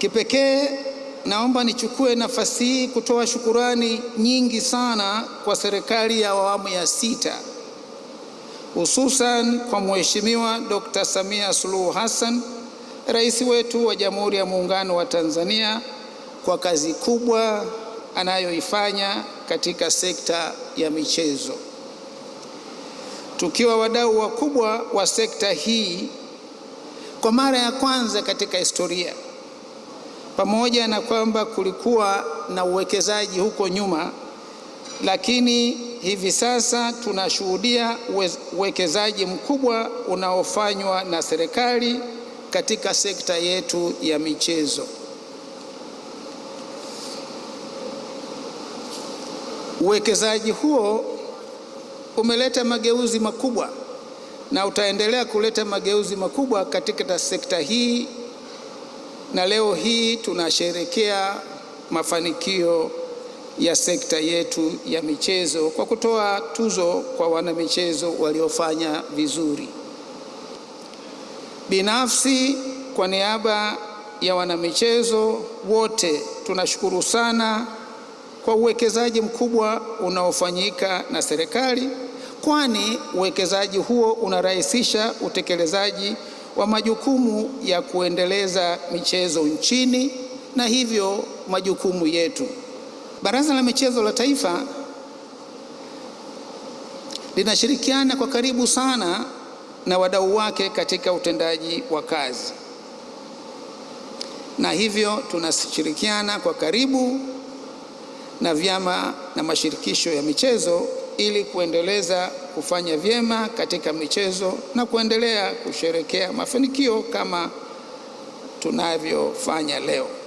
Kipekee naomba nichukue nafasi hii kutoa shukurani nyingi sana kwa serikali ya awamu ya sita, hususan kwa Mheshimiwa Dr. Samia Suluhu Hassan, rais wetu wa Jamhuri ya Muungano wa Tanzania, kwa kazi kubwa anayoifanya katika sekta ya michezo. Tukiwa wadau wakubwa wa sekta hii kwa mara ya kwanza katika historia pamoja na kwamba kulikuwa na uwekezaji huko nyuma, lakini hivi sasa tunashuhudia uwekezaji mkubwa unaofanywa na serikali katika sekta yetu ya michezo. Uwekezaji huo umeleta mageuzi makubwa na utaendelea kuleta mageuzi makubwa katika sekta hii na leo hii tunasherekea mafanikio ya sekta yetu ya michezo kwa kutoa tuzo kwa wanamichezo waliofanya vizuri. Binafsi, kwa niaba ya wanamichezo wote tunashukuru sana kwa uwekezaji mkubwa unaofanyika na serikali, kwani uwekezaji huo unarahisisha utekelezaji wa majukumu ya kuendeleza michezo nchini na hivyo majukumu yetu. Baraza la Michezo la Taifa linashirikiana kwa karibu sana na wadau wake katika utendaji wa kazi, na hivyo tunashirikiana kwa karibu na vyama na mashirikisho ya michezo ili kuendeleza kufanya vyema katika michezo na kuendelea kusherekea mafanikio kama tunavyofanya leo.